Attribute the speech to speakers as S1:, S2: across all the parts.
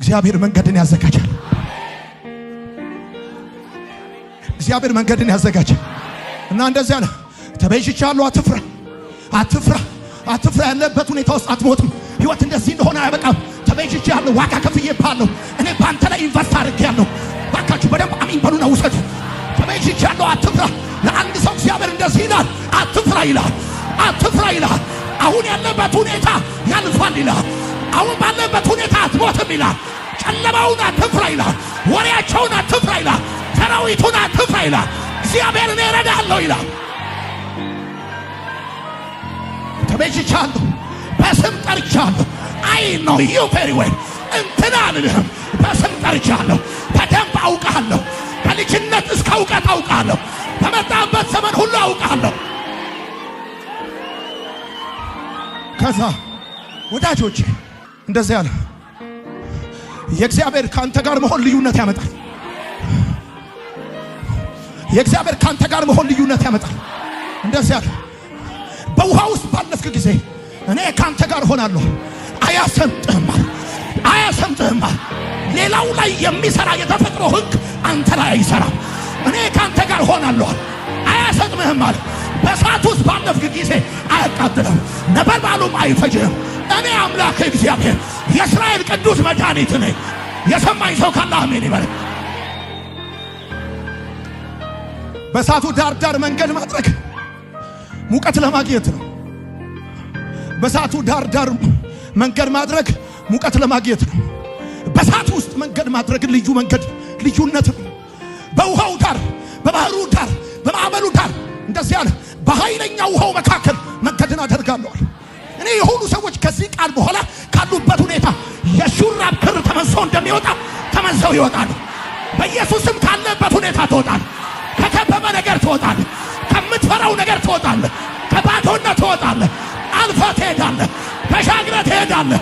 S1: እግዚአብሔር መንገድን ያዘጋጃል። እግዚአብሔር መንገድን ያዘጋጃል እና እንደዚህ አለ፣ ተቤዥቻለሁ፣ አትፍራ፣ አትፍራ፣ አትፍራ። ያለበት ሁኔታ ውስጥ አትሞትም። ህይወት እንደዚህ እንደሆነ አይበቃም። ተቤዥቻለሁ፣ ዋጋ ከፍዬብሃለሁ። እኔ በአንተ ላይ ኢንቨስት አድርጌያለሁ። ባካችሁ በደንብ አሚን በሉና ውሰዱ። ተቤዥቻለሁ፣ አትፍራ። ለአንድ ሰው እግዚአብሔር እንደዚህ ይላል፣ አትፍራ ይላል፣ አትፍራ ይላል። አሁን ያለበት ሁኔታ ያልፋል ይላል። አሁን ባለበት ሁኔታ አትሞትም ይላል። ጨለማውን አትፍራ ይላል። ወሬያቸውን አትፍራ ይላል። ሰራዊቱን አትፍራ ይላል። እግዚአብሔር እኔ እረዳለሁ ይላል። ተቤዥቻለሁ፣ በስም ጠርቻለሁ። አይ ነው ዩ ቬሪ ዌል እንትና አልልህም። በስም ጠርቻለሁ፣ በደንብ አውቃለሁ። ከልጅነት እስከ እውቀት አውቃለሁ። በመጣበት ዘመን ሁሉ አውቃለሁ። ከዛ ወዳጆቼ እንደዚህ አለ። የእግዚአብሔር ካንተ ጋር መሆን ልዩነት ያመጣል። የእግዚአብሔር ካንተ ጋር መሆን ልዩነት ያመጣል። እንደዚህ አለ። በውሃ ውስጥ ባለፍክ ጊዜ እኔ ካንተ ጋር ሆናለሁ። አያሰምጥህም፣ አያሰምጥህም። ሌላው ላይ የሚሰራ የተፈጥሮ ህግ አንተ ላይ አይሰራም። እኔ ካንተ ጋር ሆናለሁ፣ አያሰጥምህም አለ። በእሳት ውስጥ ባለፍክ ጊዜ አያቃጥልም፣ ነበልባሉም አይፈጅህም። እኔ አምላክ እግዚአብሔር የእስራኤል ቅዱስ መድኃኒት ነኝ። የሰማኝ ሰው ካላህ ምን ይበል። በእሳቱ ዳር ዳር መንገድ ማድረግ ሙቀት ለማግኘት ነው። በእሳቱ ዳር ዳር መንገድ ማድረግ ሙቀት ለማግኘት ነው። በእሳቱ ውስጥ መንገድ ማድረግ ልዩ መንገድ ልዩነት ነው። በውሃው ዳር፣ በባህሩ ዳር፣ በማዕበሉ ዳር እንደዚህ ያለ በኃይለኛ ውሃው መካከል መንገድን አደርጋለዋል። እኔ የሆኑ ሰዎች ከዚህ ቃል በኋላ ካሉበት ሁኔታ የሹራብ ክር ተመዘው እንደሚወጣ ተመዘው ይወጣሉ። በኢየሱስም ካለበት ሁኔታ ትወጣል። ከከበበ ነገር ትወጣል። ከምትፈራው ነገር ትወጣል። ከባዶነት ትወጣል። አልፈ ትሄዳለ። ተሻግረ ትሄዳለ።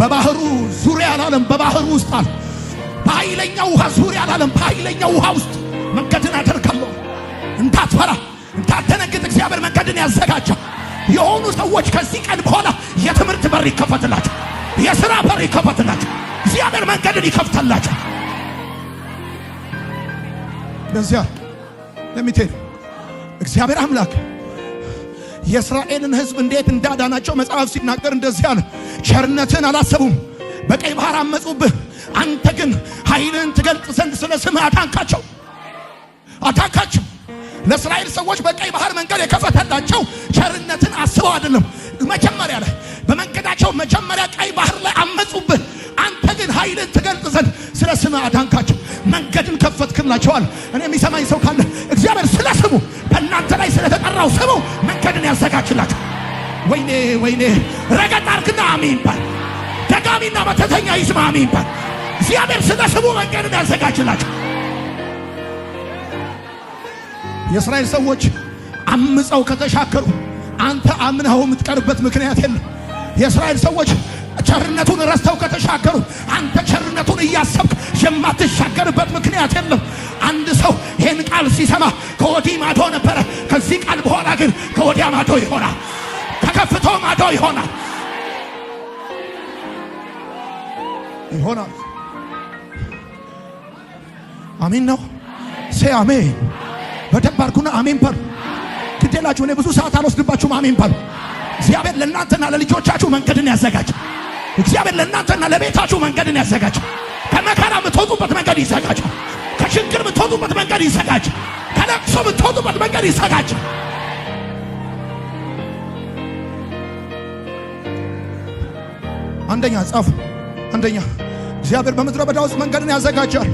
S1: በባህሩ ዙሪያ አላለም፣ በባህሩ ውስጥ አለ። በኃይለኛ ውሃ ዙሪያ አላለም፣ በኃይለኛ ውሃ ውስጥ መንገድን አደርጋለሁ። እንዳትፈራ እንዳትደነግጥ እግዚአብሔር መንገድን ያዘጋጃል የሆኑ ሰዎች ከዚህ ቀን በኋላ የትምህርት በር ይከፈትላቸው፣ የሥራ በር ይከፈትላቸው፣ እግዚአብሔር መንገድን ይከፍተላቸው። ለዚያ ለሚቴን እግዚአብሔር አምላክ የእስራኤልን ሕዝብ እንዴት እንዳዳናቸው መጽሐፍ ሲናገር እንደዚህ አለ። ቸርነትን አላሰቡም፣ በቀይ ባህር አመፁብህ። አንተ ግን ኃይልን ትገልጥ ዘንድ ስለ ስምህ አዳንካቸው። አታካችም። ለእስራኤል ሰዎች በቀይ ባህር መንገድ የከፈተላቸው ቸርነትን አስበው አይደለም። መጀመሪያ ላይ በመንገዳቸው መጀመሪያ ቀይ ባህር ላይ አመፁብህ። አንተ ግን ኃይልን ትገልጥ ዘንድ ስለ ስም አዳንካቸው፣ መንገድን ከፈትክላቸዋል። እኔ የሚሰማኝ ሰው ካለ እግዚአብሔር ስለ ስሙ በእናንተ ላይ ስለተጠራው ስሙ መንገድን ያዘጋጅላቸው። ወይኔ ወይኔ! ረገጥ አርግና አሜን ባል ደጋሚና መተተኛ ይስማ አሜን ባል እግዚአብሔር ስለ ስሙ መንገድን ያዘጋጅላቸው። የእስራኤል ሰዎች አምፀው ከተሻገሩ አንተ አምነኸው የምትቀርበት ምክንያት የለም። የእስራኤል ሰዎች ቸርነቱን ረስተው ከተሻገሩ አንተ ቸርነቱን እያሰብክ የማትሻገርበት ምክንያት የለም። አንድ ሰው ይህን ቃል ሲሰማ ከወዲህ ማዶ ነበረ። ከዚህ ቃል በኋላ ግን ከወዲያ ማዶ ይሆናል። ተከፍቶ ማዶ ይሆናል ይሆናል። አሚን ነው ሴ አሜን በደንብ አድርጉና አሜን በሉ። ግዴላችሁ እኔ ብዙ ሰዓት አልወስድባችሁም። አሜን በሉ። እግዚአብሔር ለእናንተና ለልጆቻችሁ መንገድን ያዘጋጅ። እግዚአብሔር ለእናንተና ለቤታችሁ መንገድን ያዘጋጅ። ከመከራ የምትወጡበት መንገድ ይዘጋጅ። ከችግር የምትወጡበት መንገድ ይዘጋጅ። ከለቅሶ የምትወጡበት መንገድ ይዘጋጅ። አንደኛ ጻፉ። አንደኛ እግዚአብሔር በምድረ በዳ ውስጥ መንገድን ያዘጋጃል።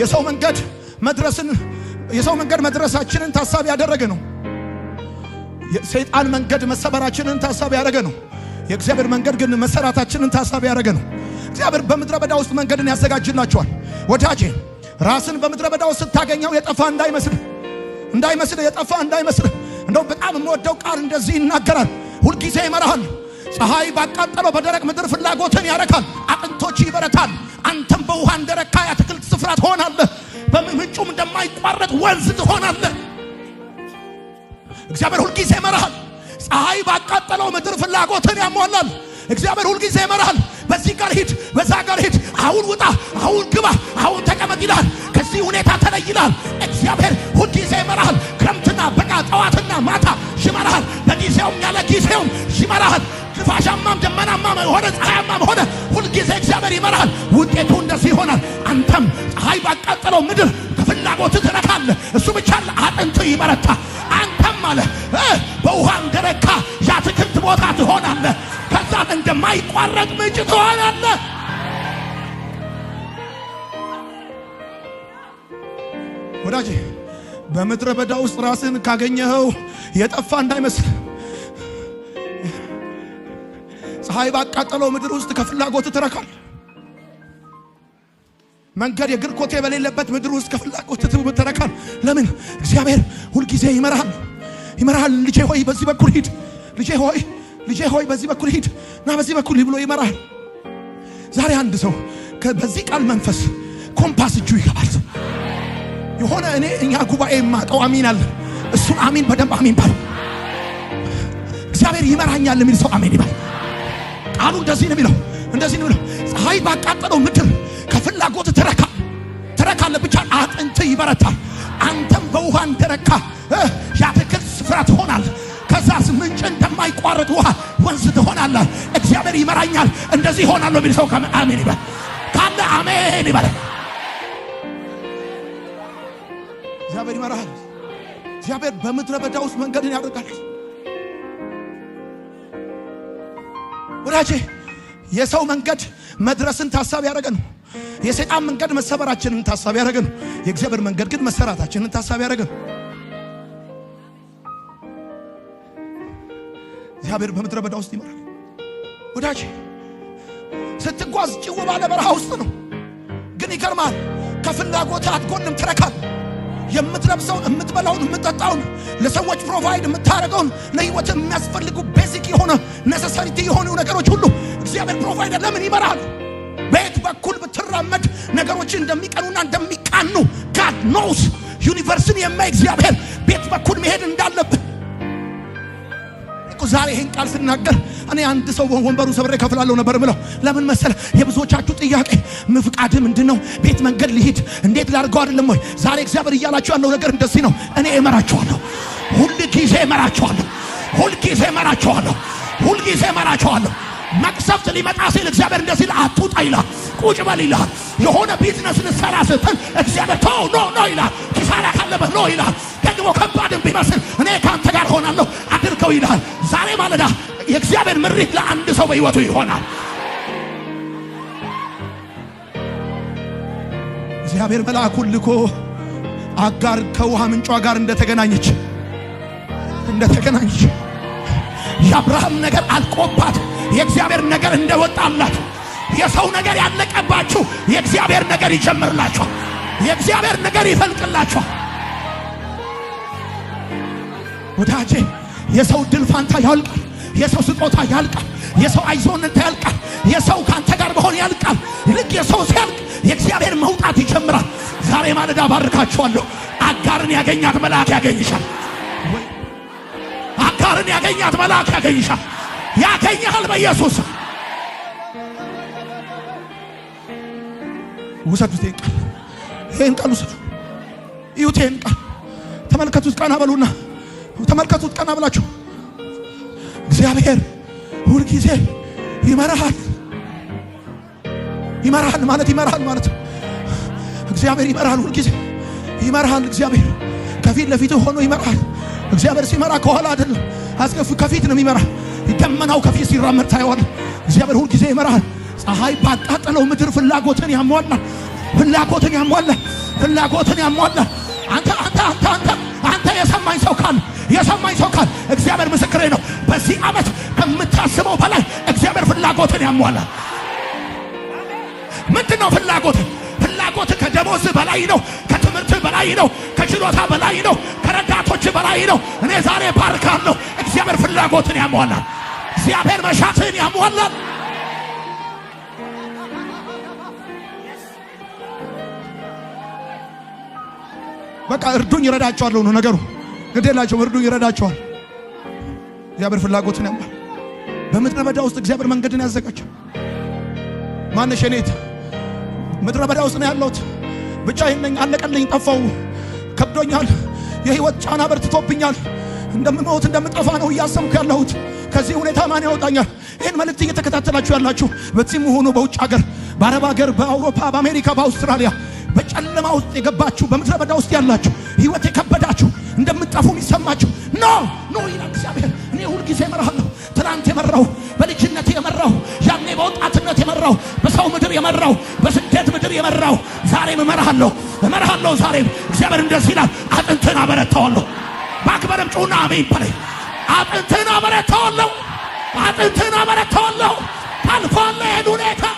S1: የሰው መንገድ መድረስን የሰው መንገድ መድረሳችንን ታሳቢ ያደረገ ነው። የሰይጣን መንገድ መሰበራችንን ታሳቢ ያደረገ ነው። የእግዚአብሔር መንገድ ግን መሰራታችንን ታሳቢ ያደረገ ነው። እግዚአብሔር በምድረ በዳ ውስጥ መንገድን ያዘጋጅላቸዋል። ወዳጄ ራስን በምድረ በዳ ውስጥ ስታገኘው የጠፋ እንዳይመስል እንዳይመስል የጠፋ እንዳይመስል። እንደው በጣም የምወደው ቃል እንደዚህ ይናገራል። ሁልጊዜ ይመራሃል። ፀሐይ ባቃጠለው በደረቅ ምድር ፍላጎትን ያረካል። አጥንቶች ይበረታል። አንተም በውሃ እንደረካ የአትክልት ስፍራ ትሆናለህ። በምንጩም እንደማይቋረጥ ወንዝ ትሆናለህ። እግዚአብሔር ሁልጊዜ ይመራሃል። ፀሐይ ባቃጠለው ምድር ፍላጎትን ያሟላል። እግዚአብሔር ሁልጊዜ ይመራሃል። በዚህ ጋር ሂድ፣ በዛ ጋር ሂድ፣ አሁን ውጣ፣ አሁን ግባ፣ አሁን ተቀመጥ ይላል። ከዚህ ሁኔታ ተለይ ይላል። እግዚአብሔር ሁልጊዜ ይመራሃል። ክረምትና በጋ፣ ጠዋትና ማታ ይመራሃል። በጊዜውም ያለ ጊዜውም ይመራሃል። ንፋሻማም ደመናማም ሆነ ፀሐያማም ሆነ ሁልጊዜ እግዚአብሔር ይመራል። ውጤቱ እንደዚህ ይሆናል። አንተም ፀሐይ ባቃጠለው ምድር ከፍላጎት ትረካለ። እሱ ብቻ አጥንት ይበረታ። አንተም አለ በውሃ እንደረካ የአትክልት ቦታ ትሆናለ። ከዛ እንደማይቋረጥ ምንጭ ትሆናለ። ወዳጅ በምድረ በዳ ውስጥ ራስን ካገኘኸው የጠፋ እንዳይመስል ፀሐይ ባቃጠለው ምድር ውስጥ ከፍላጎት ትረካል። መንገድ የግር ኮቴ በሌለበት ምድር ውስጥ ከፍላጎት ትረካል። ለምን? እግዚአብሔር ሁልጊዜ ይመራሃል፣ ይመራሃል። ልጄ ሆይ በዚህ በኩል ሂድ፣ ልጄ ሆይ ልጄ ሆይ በዚህ በኩል ሂድ እና በዚህ በኩል ብሎ ይመራል። ዛሬ አንድ ሰው በዚህ ቃል መንፈስ ኮምፓስ እጁ ይገባል። የሆነ እኔ እኛ ጉባኤ የማቀው አሚን አለ። እሱን አሚን በደንብ አሚን ባል እግዚአብሔር ይመራኛል የሚል ሰው አሜን ይባል። ቃሉ እንደዚህ ነው የሚለው እንደዚህ ነው የሚለው ፀሐይ ባቃጠለው ምድር ከፍላጎት ትረካ ትረካለ ብቻ አጥንት ይበረታል። አንተም በውሃ እንደረካ የአትክልት ስፍራ ትሆናል። ከዛስ ምንጭ እንደማይቋረጥ ውሃ ወንዝ ትሆናለህ። እግዚአብሔር ይመራኛል፣ እንደዚህ ይሆናለሁ የሚል ሰው አሜን ይበል ካለ አሜን ይበል። እግዚአብሔር ይመራሃል። እግዚአብሔር በምድረ በዳ ውስጥ መንገድን ያደርጋል። ወዳጄ የሰው መንገድ መድረስን ታሳቢ ያደረገ ነው። የሰይጣን መንገድ መሰበራችንን ታሳቢ ያደረገ ነው። የእግዚአብሔር መንገድ ግን መሰራታችንን ታሳቢ ያደረገ ነው። እግዚአብሔር በምድረ በዳ ውስጥ ይመራል። ወዳጄ ስትጓዝ ጭው ባለ በረሃ ውስጥ ነው። ግን ይገርማል፣ ከፍላጎት አትጎንም፣ ትረካል። የምትለብሰውን፣ የምትበላውን፣ የምትጠጣውን፣ ለሰዎች ፕሮቫይድ የምታደርገውን፣ ለህይወት የሚያስፈልጉ ቤዚክ የሆነ ነሰሰሪቲ የሆኑ ነገሮች ሁሉ እግዚአብሔር ፕሮቫይደር ለምን ይመራል? በየት በኩል ብትራመድ ነገሮች እንደሚቀኑና እንደሚቃኑ ጋድ ኖውስ። ዩኒቨርስን የማይ እግዚአብሔር ቤት በኩል መሄድ እንዳለብን ዛሬ ይሄን ቃል ስናገር እኔ አንድ ሰው ወንበሩ ሰብሬ ከፍላለሁ ነበር ብለው። ለምን መሰለ የብዙዎቻችሁ ጥያቄ ምፍቃድ ምንድን ነው? ቤት መንገድ ልሂድ እንዴት ላድርገው? አይደለም ወይ ዛሬ እግዚአብሔር እያላችሁ ያለው ነገር እንደዚህ ነው። እኔ እመራችኋለሁ፣ ሁል ጊዜ እመራችኋለሁ። ሁልጊዜ መራቸዋለሁ፣ ሁልጊዜ መራቸዋለሁ። መቅሰፍት ሊመጣ ሲል እግዚአብሔር እንደዚህ አትውጣ ይላል፣ ቁጭ በል ይላል። የሆነ ቢዝነስ ልትሰራ ስትል እግዚአብሔር ተው ኖ ኖ ይላል፣ ኪሳራ ካለበት ኖ ይላል። ደግሞ ከባድም ቢመስል እኔ ከአንተ ጋር ሆናለሁ አድርገው ይላል ዛሬ ማለዳ የእግዚአብሔር ምሪት ለአንድ ሰው በሕይወቱ ይሆናል። እግዚአብሔር መልአኩን ልኮ አጋር ከውሃ ምንጯ ጋር እንደተገናኘች እንደተገናኘ የአብርሃም ነገር አልቆባት የእግዚአብሔር ነገር እንደወጣላት የሰው ነገር ያለቀባችሁ የእግዚአብሔር ነገር ይጀምርላችኋል። የእግዚአብሔር ነገር ይፈልቅላችኋል። ወዳጄ የሰው ድል ፋንታ ያልቃል። የሰው ስጦታ ያልቃል። የሰው አይዞንነት ያልቃል። የሰው ካንተ ጋር መሆን ያልቃል። ልክ የሰው ሲያልቅ የእግዚአብሔር መውጣት ይጀምራል። ዛሬ ማለዳ ባርካችኋለሁ። አጋርን ያገኛት መልአክ ያገኝሻል። አጋርን ያገኛት መልአክ ያገኝሻል፣ ያገኘሃል በኢየሱስ ውሰዱት። ይህን ቃል ይህን ቃል ውሰዱ፣ እዩት። ይህን ቃል ተመልከቱት፣ ቀና በሉና ተመልከቱት፣ ቀና ብላችሁ እግዚአብሔር ሁልጊዜ ይመራሃል። ይመራሃል ማለት ይመራሃል ማለት እግዚአብሔር ይመራሃል፣ ሁልጊዜ ይመራሃል። እግዚአብሔር ከፊት ለፊት ሆኖ ይመራሃል። እግዚአብሔር ሲመራ ከኋላ አይደለም፣ አስገፉ ከፊት ነው የሚመራ። ደመናው ከፊት ሲራመድ ታየዋል። እግዚአብሔር ሁል ጊዜ ይመራል። ፀሐይ ባጣጠለው ምድር ፍላጎትን ያሟላ፣ ፍላጎትን ያሟላ፣ ፍላጎትን ያሟላ። አንተ አንተ አንተ አንተ አንተ የሰማኝ ሰው ካለ የሰማኝ ሰው ካል እግዚአብሔር ምስክሬ ነው። በዚህ ዓመት ከምታስበው በላይ እግዚአብሔር ፍላጎትን ያሟላል። ምንድን ነው ፍላጎትን ፍላጎት ከደሞዝ በላይ ነው። ከትምህርት በላይ ነው። ከችሎታ በላይ ነው። ከረዳቶች በላይ ነው። እኔ ዛሬ ባርካለሁ። እግዚአብሔር ፍላጎትን ያሟላል። እግዚአብሔር መሻትን ያሟላል። በቃ እርዱኝ ይረዳቸዋል። ሆኖ ነገሩ ግዴላቸውም፣ እርዱኝ ይረዳቸዋል። እግዚአብሔር ፍላጎትን ያሟላል። በምድረ በዳ ውስጥ እግዚአብሔር መንገድን ያዘጋጃል። ማነሽ እኔት ምድረ በዳ ውስጥ ነው ያለሁት። ብቻዬን ነኝ። አለቀልኝ፣ ጠፋው፣ ከብዶኛል። የህይወት ጫና በርትቶብኛል። እንደምሞት እንደምጠፋ ነው እያሰብኩ ያለሁት። ከዚህ ሁኔታ ማን ያወጣኛል? ይህን መልእክት እየተከታተላችሁ ያላችሁ በዚህም ሆኖ በውጭ ሀገር፣ በአረብ ሀገር፣ በአውሮፓ፣ በአሜሪካ፣ በአውስትራሊያ በጨለማ ውስጥ የገባችሁ በምድረ በዳ ውስጥ ያላችሁ ህይወት የከበዳችሁ እንደምትጠፉ የሚሰማችሁ ኖ ኖ ይላል እግዚአብሔር። እኔ ሁልጊዜ እመራለሁ። ትናንት የመራሁ በልጅነት የመራሁ የመራው በሰው ምድር የመራው በስደት ምድር የመራው ዛሬም እመራሃለሁ እመራሃለሁ። ዛሬም እግዚአብሔር እንደዚህ ይላል፣ አጥንትን አበረታዋለሁ። በአክበርም ጩና አሜን በለኝ። አጥንትን አበረታዋለሁ። አጥንትን አበረታዋለሁ። ታልፏለ ይሄን ሁኔታ